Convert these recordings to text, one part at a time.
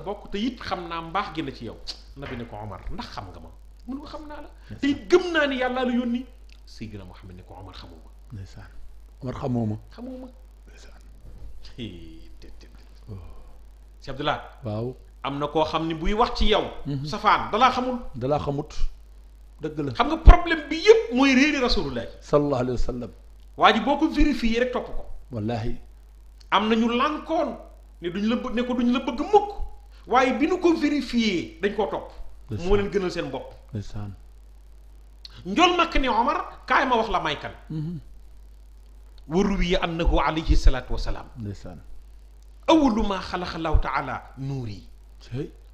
bokk te it xam naa mbaax gi na ci yow nabi ne ko Omar ndax xam nga ma mun ko xam naa la te it gëm naa ni yàllaa la yónni Seydina Muhammad ne ko Omar xamoo ma ndeysaan Omar xamoo ma xamoo ma ndeysaan si oh. Abdoulaye waaw am na koo xam ni buy wax ci yow mm-hmm. safaan dalaa xamul dalaa xamut dëgg la xam nga problème bi yëpp mooy réeri rasulullah sallallahu alayhi wa sallam waa ji boo ko vérifié rek topp ko wallaahi am na ñu lànkoon ne duñ la ne ko duñ la bëgg mukk waaye bi nu ko vérifié dañ koo topp. moo leen gënal seen bopp. ndeysaan njool makk ni Omar kaay ma wax la may mhm. kan. ma xalaqa allahu taala nuur yi.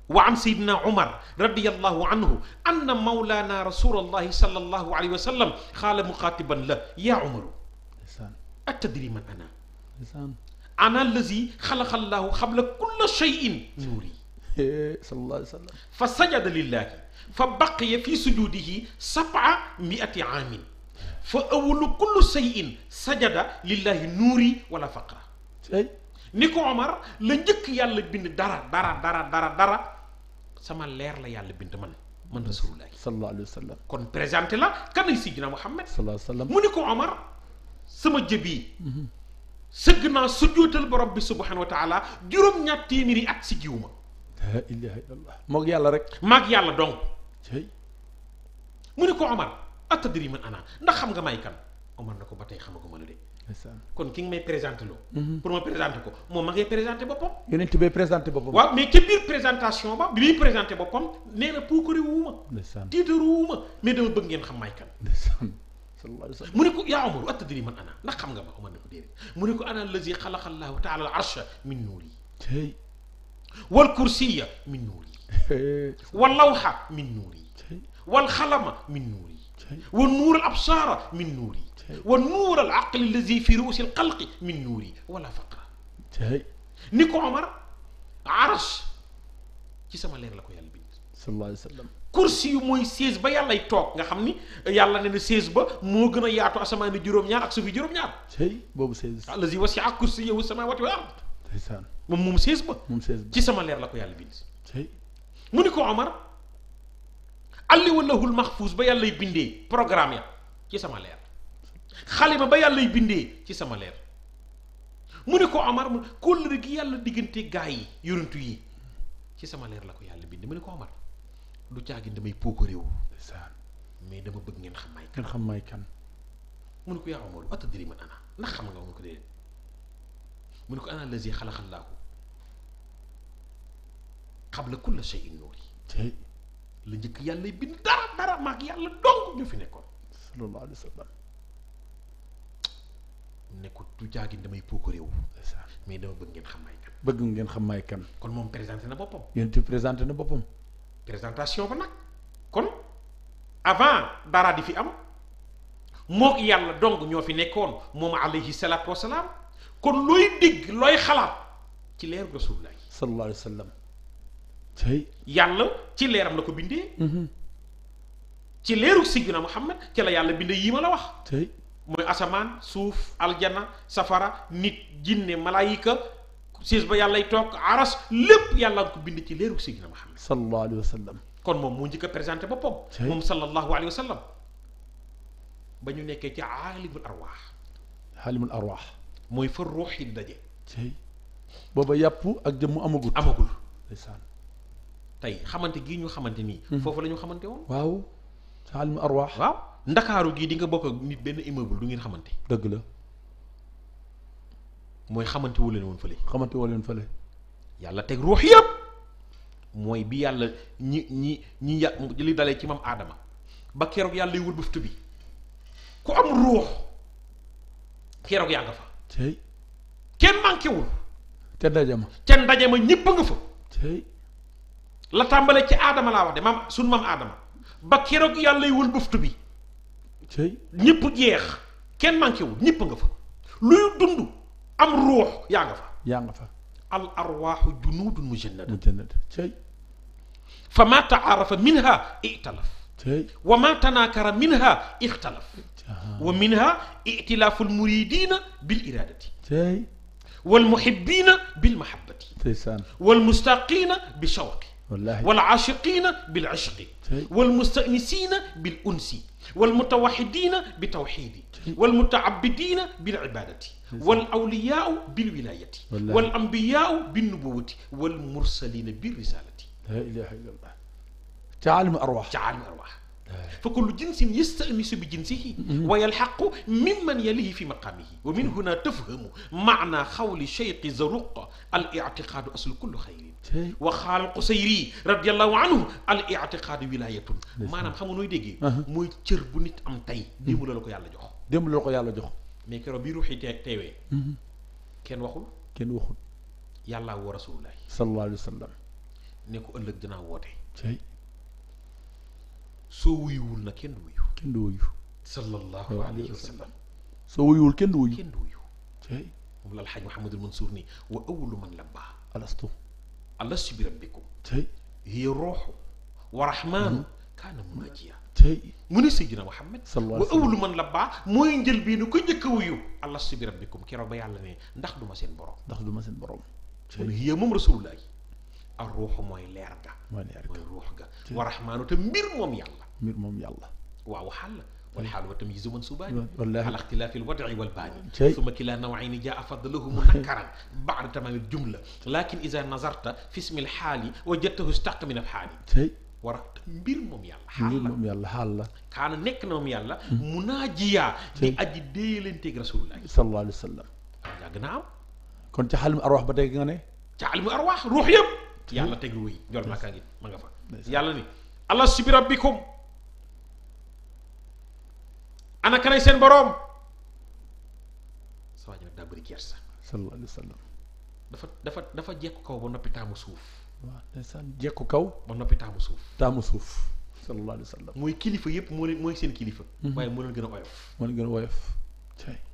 wa an sayidna Omar radiyallahu anhu anna mawlaana rasulallahi sallallahu alayhi wa sallam xaala muqaatiban la yaa Omaru. ana. ndeysaan ana allazi xalaqa allahu qabla kulla shay'in nuur sallallahu alayhi wa sallam fa sajada lillahi fa baqiya fi sujudihi sab'a mi'ati aamin fa awalu kullu shay'in sajada lillahi nuuri wala faqra ni ko Omar la njëkk yàlla bind dara dara dara dara dara sama leer la yàlla bind man man rasulullah sallallahu alayhi wa sallam kon présenté la kanay sidina Muhammad sallallahu alayhi wa sallam mu ni ko Omar sama jëbi mhm. sëgg naa sujjóotal borom bi subhanahu wa taala juróom-ñaar téeméeri at si jiw ma la ilaha illallah moog yàlla rek. maag yàlla dong. mu ne ko Omar atadri man ana ndax xam nga may kan Omar na ko ba tey xamaguma la de. kon ki nga may présenté loo. Mhm. pour ma ko moom ma ngay présenté boppam. yonent bi présenté boppam. ba bi muy présenté boppam nee na puukare wuuma. ndeysaan tiitaru wuuma mais dama bëgg ngeen xam mu ne ko yaa Omar atadri man ana ndax xam nga ma Omar na ko déedéet mu ne ko ana allazi xalaqa allahu taala al arsha min nuuri wal kursiya min nuuri wal lawxa min nuuri wal xalama min nuuri wa nuural absaara min nuuri wa nuural aqli allazi fi ruusil xalqi min nuuri wala faqra ni ko Omar aras ci sama leer la ko yàlla bind. sallallahu alayhi wa sallam kursi yu mooy siis ba yàllay toog nga xam ni yàlla ne na siis ba moo gën a yaatu asamaan juróom-ñaar ak suufi juróom-ñaar. tey boobu siis. allazi wasi'a kursiyyahu samaawaati wal ard ndeysaan moom moom sées ba moom sées ba ci sama leer la ko yàlla bind mu ni ko Omar alliwa lahul mahfuus ba yàllay bindee programme ya ci sama leer xalima ba yàllay bindee ci sama leer mu ni ko Omar mu kóllëre gi yàlla diggante gaa yi yonentu yi ci sama leer la ko yàlla bind mu ni ko Omar du caagin damay puuko réew mais dama bëgg ngeen xam may kan ngeen xam mu ni ko yaa Omar atadri man ana ndax xam nga mu ko déedéet mu ne ko ana lazi xalaxallaahu xabla kulla shay'in nuuri la njëkk yàlla bi dara dara maag yàlla dong ñu fi nekkoon sallallahu alayhi wa sallam ne ko du mais dama bëgg ngeen xam xam may kan kon moom présenté na boppam yéen présenté na boppam présentation ba kon avant dara di fi am mook yàlla dong ñoo fi nekkoon moom alayhi salaatu wasalaam kon looy digg looy xalaat ci leeru rasulullah sallallahu alayhi wa yàlla ci leeram la ko bindee mm-hmm. ci leeru siggina Muhammad ci la yàlla bind yii ma la wax mooy asamaan suuf aljana safara nit jinne malaayika siis ba yàllay toog aras lépp yàlla bind ci leeru siggina Muhammad wa sallam kon moom moo njëkk a présenté boppam moom sallallahu alayhi wa sallam ba ñu nekkee ci aalimul arwaax mooy fa ruux yi daje. booba yàpp ak jëmm amagul. amagul ndeysaan tey xamante gii ñu xamante nii. Hmm. foofu la xamante woon. waaw sa alimu arwaax. waaw ndakaaru gii di nga bokk ak nit benn immeuble du ngeen xamante. dëgg la. mooy xamante wu leen woon fële. xamante wu leen yàlla teg ruux yëpp mooy bi yàlla ñi ñi ñi ya li dalee ci mam aadama ba keroog yàlla lay wër buftu bi ku am ruux keroog yaa fa. kenn manqué wul. ca ndaje ma ca ndaje ma ñëpp a nga fa. la tàmbale ci aadama laa wax de maam sunu maam aadama ba keroog yàlla yi wul buftu bi. ñëpp jeex kenn manqué wul ñëpp nga fa luy dund am ruux yaa nga fa. yaa nga fa al arwaaxu junuudun mujannada. mujannada fa maa taarafa minha italaf. wa maa tanaakara minha ixtalaf wa minha itilaaful muridiina bil iraadati wal muhibbiina bil mahabbati wal mustaqiina bi shawqi wal aashiqiina bil ishqi wal mustanisiina bil unsi wal mutawahidiina bi tawxiidi wal mutaabidiina bil ibaadati wal awliyaau bil wilaayati wal ambiyaau bin nubuwati wal mursaliina bir risaalati. laa ilaaha illallaah. ca aalami arwaax ca aalami arwaax فكل جنس يستأنس بجنسه ويلحق ممن يليه في مقامه ومن هنا تفهم معنى قول شيخ زروق الاعتقاد أصل كل خير وقال القصيري رضي الله عنه الاعتقاد ولاية maanaam xam nga nooy déggee mooy cër bu nit am tey démb la la ko yàlla jox démb la ko yàlla jox mais keroog bi ruuxi te teewee kenn waxul kenn waxul yàllaa woo rasulullah sallallahu alayhi wa sallam ne ko ëllëg dinaa woote soo wuyuwul nag kenn du wuyu. kenn du wuyu. sallallahu alayhi wa sallam. kenn du wuyu. kenn du wuyu. tey moom la alxaaj Mouhamadul Mansour nii wa awwalu man labbaa. alastu. alastu bi rabbikum. tey hiya ruuxu. wa rahmaanu. Mm-hmm. kaana munaajiya. mu ne Seydina Muhammad. sallallahu alayhi wa awwalu man labbaa mooy njëlbéenu ko njëkk a wuyu. alastu bi rabbikum keroog ba yàlla ne ndax du ma seen borom. ndax du ma seen borom. tey hiya moom rasulullah ak ruuxu mooy leer ga mooy leer ga mooy ruux ga wa rahmaanu te mbir moom yàlla mbir moom yàlla waaw xaal la wal xaal wa tamyiizu man subaani ala ixtilaafi lwadci walbaani suma kilaa nawayni jaa fadluhu munakkaran baada tamaami jumla lakin ida nazarta fi ismi lxaali wajadtahu istaqa min alxaali war mbir moom yàlla xaal la moom yàlla xaal la kaana nekk na moom yàlla hmm. munaajiyaa di aji déeyanteeg rasulullahi sallallahu alayhi wa sallam yàgg na am kon ca xaalimu arwaax ba tey nga ne ca xaalimu arwaax ruux yëpp yàlla teg lu wéy njool yàlla ni alastu bi rabbikum ana kanay seen boroom sa waaj daa bëri kersa sallallahu alayhi dafa dafa dafa jekku kaw ba noppi taamu suuf waaw ndeysaan kaw ba noppi taamu suuf taamu suuf sallallahu alayhi wa sallam mooy kilifa yépp moo leen mooy seen kilifa mhm. waaye moo leen gën a oyof moo leen gën a oyof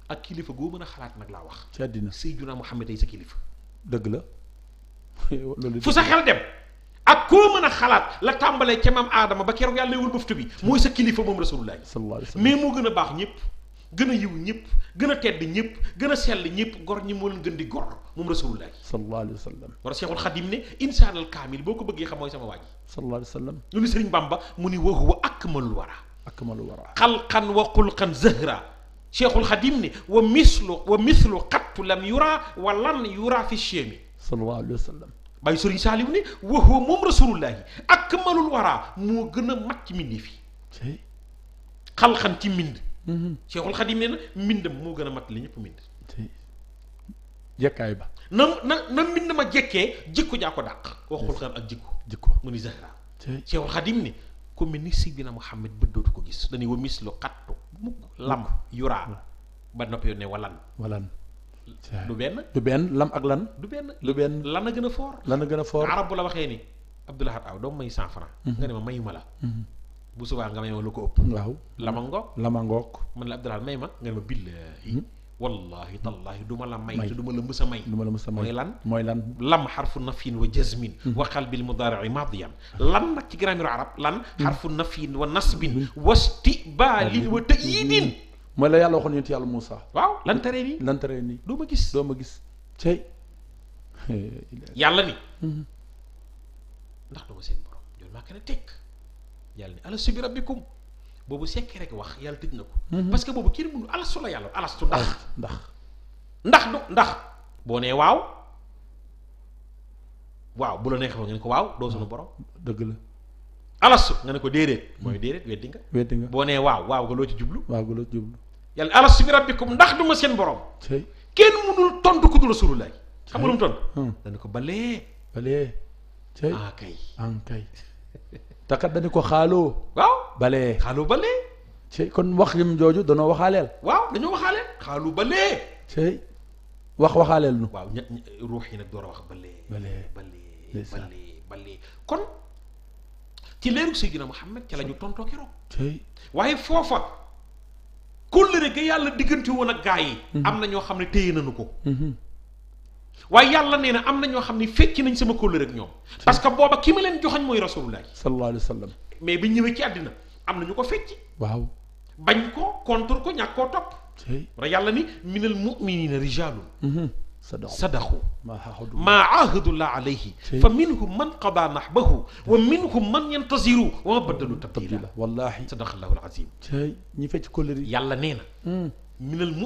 ak kilifa goo mën a xalaat nag laa wax ci àddina Seydina Muhammad ay sa kilifa dëgg la fu sa xel dem ak koo mën a xalaat la tàmbalee ca maam aadama ba keroog yàlla wul bëftu bi mooy sa kilifa moom rasulullah mais moo gën a baax ñëpp gën a yiw ñëpp gën a tedd ñëpp gën a sell ñëpp gor ñi moo leen gën di gor moom rasulullah sallallahu la wa sallam war cheikhul xadim ne insaan al kaamil boo ko bëggee xam sama waa ji sallallahu alayhi wa sallam lu ni sëriñ bamba mu ni wa huwa akmalul wara akmalul wara xalqan wa xulqan zahra cheikhul xadim ne wa mislu wa mislu xattu lam yura wa lan yura fi chémi sallallahu alayhi wa sallam bàyyi sëriñ Saaliw ne wa huwa moom rasulullahi akmalul waraa moo gën a mat ci mbindee fii xalxan ci mbind mm-hmm. Cheikhul Xadim nee moo gën a mat li ba na na na mbind ma jekkee jikko jaa ko dàq waxul xan ak jikko jikko mu ni Zahra Cheikhul Xadim ne ku mel ni Sidina bët dootu ko gis dañuy wa mis lu mukk lam yuraa ba noppi ne walan walan du benn du benn lam ak lan. du benn du benn lan a gën a fort. lan a gën a fort arab bu la waxee ni Abdou Lahad aw doom may cent franc. Mhm. nga ne ma mayu ma la. Mhm. bu subaa nga may ma lu ko ëpp. waaw lama ngoog lama ngoog. man la Abdou may ma nga ne ma billahi mhm. wallahi tallahi du ma la may te du la mës a may. du ma la mës a may mooy lan mooy lan. lam xarfu nafin wa jazmin. wa qalbil mudaari'i maadiyan lan nag ci grammaire arab lan. xarfu nafin wa nasbin. wa istibaalin wa ta'yidin mooy la yàlla waxoon yonent yàlla Moussa. waaw lan tere nii lan tere nii. doo ma gis doo ma gis cey. yàlla ni. Mm-hmm. ndax doo seen borom ñoom maa kenn tekk yàlla ni alastu bi rabbikum boobu sekk rek wax yàlla tëj na ko. Mm-hmm. parce que boobu kenn mënu alastu la yàlla alastu ndax. ndax ndax ndax boo nee waaw. waaw bu la neexee nga ne ko waaw doo sunu dëgg la. ne ko déedéet. mooy déedéet weddi nga. boo nee waaw waaw loo ci jublu. waaw nga loo ci jublu. yàlla alastu bi rabbikum ndax du ma seen borom. kenn mënul tontu ku dul rasulullah. xam nga lu tontu. Hmm. dañu ko balee. balee. ah ko xaaloo. waaw balee xaaloo kon wax lim jooju danoo waxaaleel. waaw dañoo waxaaleel. xaaloo balee. tey wax waxaaleel nu. waaw ña ruux yi nag door a wax balee. balee balee balee balee kon ci leerug Seydina Muhammad ca la ñu tontoo keroog. tey waaye foofa. kóllëre ga yàlla diggante woon ak gaa yi mhm. am na ñoo xam ne téye nañu ko mhm. waaye yàlla nee na am na ñoo xam ne fecc nañ sama kóllëre ak ñoom parce que booba ki ma leen joxoñ mooy rasulullah sallallahu alayhi wa sallam mais bi ñëwee ci àddina am na ñu ko fecc waaw bañ ko contre ko ñàkk koo topp ra yàlla ni minal muminina rijalun mhm. sadaqu maa ahadullah alayhi fa minhum man qada nahbahu wa minhum man yantaziru wa ma baddalu tabdila wallahi sadaqallahu alazim ñi fecc kóllëre yàlla nee na hmm.